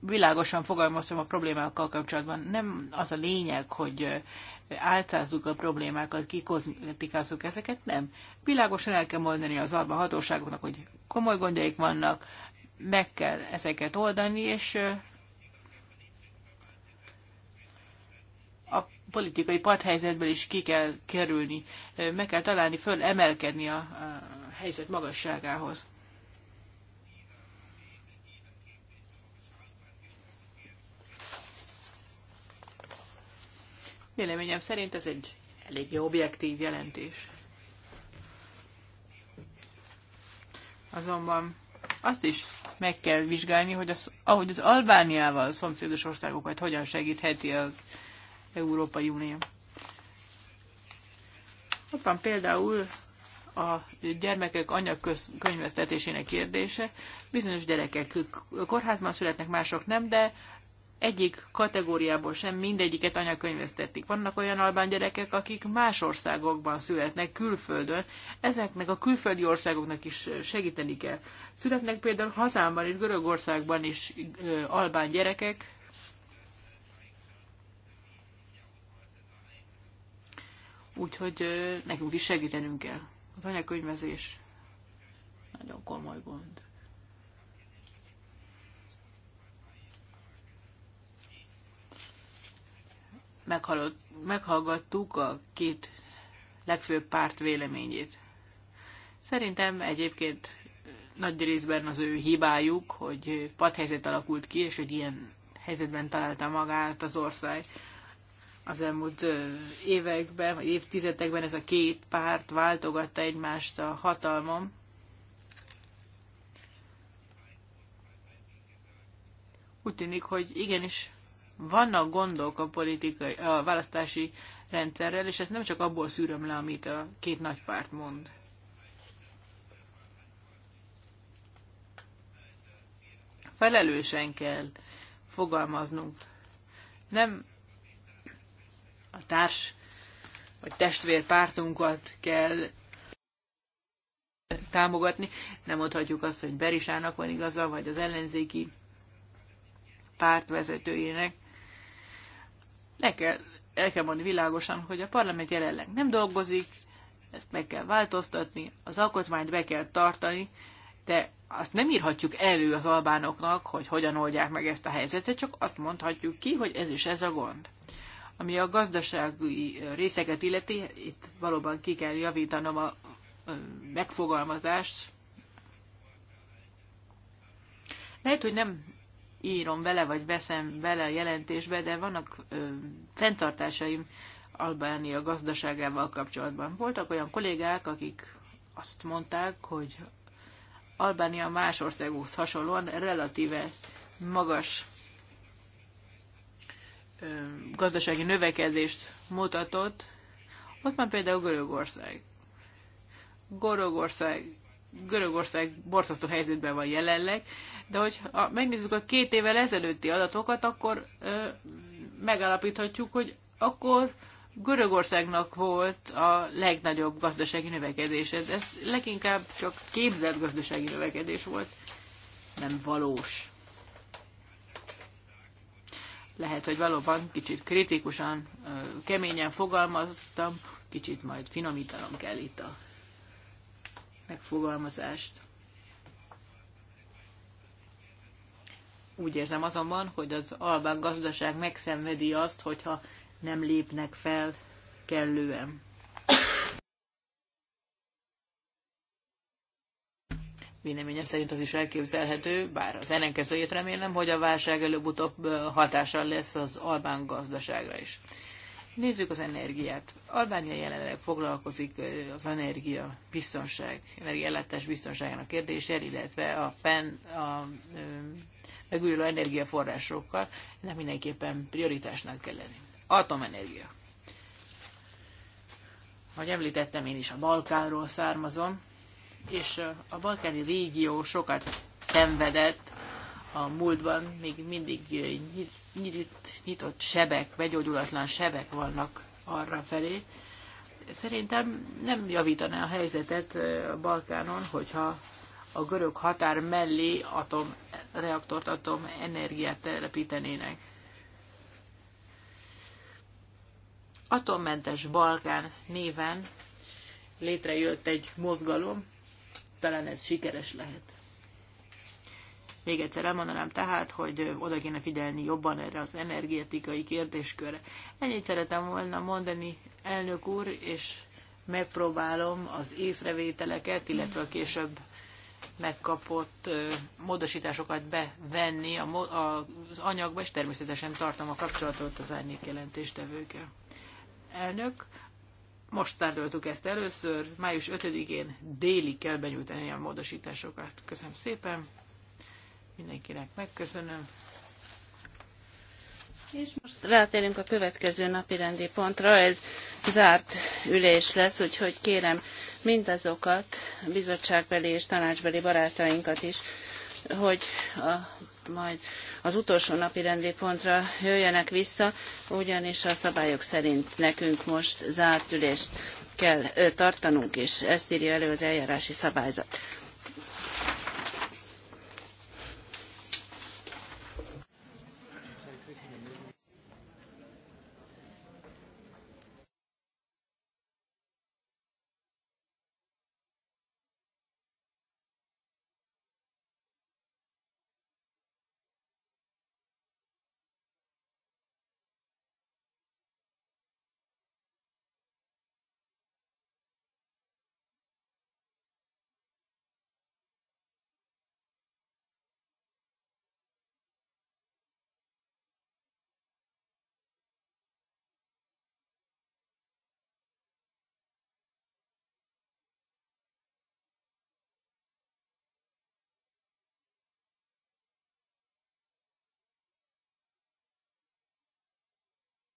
világosan fogalmaztam a problémákkal kapcsolatban. Nem az a lényeg, hogy álcázzuk a problémákat, kikozmetikázzuk ezeket, nem. Világosan el kell mondani az alba hatóságoknak, hogy komoly gondjaik vannak, meg kell ezeket oldani, és politikai padhelyzetből is ki kell kerülni, meg kell találni, föl emelkedni a, a helyzet magasságához. Véleményem szerint ez egy eléggé objektív jelentés. Azonban azt is meg kell vizsgálni, hogy az, ahogy az Albániával szomszédos országokat hogyan segítheti a Európai Unió. Ott van például a gyermekek anyagkönyvesztetésének kérdése. Bizonyos gyerekek kórházban születnek, mások nem, de egyik kategóriából sem mindegyiket anyakönyvesztették. Vannak olyan albán gyerekek, akik más országokban születnek, külföldön. Ezeknek a külföldi országoknak is segíteni kell. Születnek például hazámban és Görögországban is albán gyerekek, úgyhogy nekünk is segítenünk kell. Az anyakönyvezés nagyon komoly gond. meghallgattuk a két legfőbb párt véleményét. Szerintem egyébként nagy részben az ő hibájuk, hogy padhelyzet alakult ki, és hogy ilyen helyzetben találta magát az ország az elmúlt években, vagy évtizedekben ez a két párt váltogatta egymást a hatalmon. Úgy tűnik, hogy igenis vannak gondok a, politikai, a választási rendszerrel, és ezt nem csak abból szűröm le, amit a két nagy párt mond. Felelősen kell fogalmaznunk. Nem a társ vagy testvérpártunkat kell támogatni. Nem mondhatjuk azt, hogy Berisának van igaza, vagy az ellenzéki pártvezetőjének. Le kell, el kell mondani világosan, hogy a parlament jelenleg nem dolgozik, ezt meg kell változtatni, az alkotmányt be kell tartani, de azt nem írhatjuk elő az albánoknak, hogy hogyan oldják meg ezt a helyzetet, csak azt mondhatjuk ki, hogy ez is ez a gond. Ami a gazdasági részeket illeti, itt valóban ki kell javítanom a megfogalmazást. Lehet, hogy nem írom vele, vagy veszem vele a jelentésbe, de vannak ö, fenntartásaim Albánia gazdaságával kapcsolatban. Voltak olyan kollégák, akik azt mondták, hogy Albánia más országokhoz hasonlóan relatíve magas gazdasági növekedést mutatott, ott már például Görögország. Görögország Görögország borzasztó helyzetben van jelenleg, de hogyha megnézzük a két évvel ezelőtti adatokat, akkor ö, megállapíthatjuk, hogy akkor Görögországnak volt a legnagyobb gazdasági növekedés. Ez, ez leginkább csak képzelt gazdasági növekedés volt, nem valós. Lehet, hogy valóban kicsit kritikusan, keményen fogalmaztam, kicsit majd finomítanom kell itt a megfogalmazást. Úgy érzem azonban, hogy az albán gazdaság megszenvedi azt, hogyha nem lépnek fel kellően. Véleményem szerint az is elképzelhető, bár az ellenkezőjét remélem, hogy a válság előbb-utóbb hatással lesz az albán gazdaságra is. Nézzük az energiát. Albánia jelenleg foglalkozik az energia biztonság, energiállátás biztonságának kérdésére, illetve a, pen, a megújuló energiaforrásokkal. Ennek mindenképpen prioritásnak kell lenni. Atomenergia. Ahogy említettem, én is a Balkánról származom, és a balkáni régió sokat szenvedett a múltban, még mindig nyitott, nyitott sebek, begyógyulatlan sebek vannak arra felé. Szerintem nem javítaná a helyzetet a Balkánon, hogyha a görög határ mellé atom, reaktort atom energiát telepítenének. Atommentes Balkán néven létrejött egy mozgalom, talán ez sikeres lehet. Még egyszer elmondanám tehát, hogy oda kéne figyelni jobban erre az energetikai kérdéskörre. Ennyit szeretem volna mondani, elnök úr, és megpróbálom az észrevételeket, illetve a később megkapott módosításokat bevenni az anyagba, és természetesen tartom a kapcsolatot az árnyék jelentéstevőkkel. Elnök, most tárgyaltuk ezt először, május 5-én déli kell benyújtani a módosításokat. Köszönöm szépen, mindenkinek megköszönöm. És most rátérünk a következő napi rendi pontra, ez zárt ülés lesz, úgyhogy kérem mindazokat, bizottságbeli és tanácsbeli barátainkat is, hogy a majd az utolsó napi rendi pontra jöjjenek vissza, ugyanis a szabályok szerint nekünk most zárt ülést kell tartanunk, és ezt írja elő az eljárási szabályzat.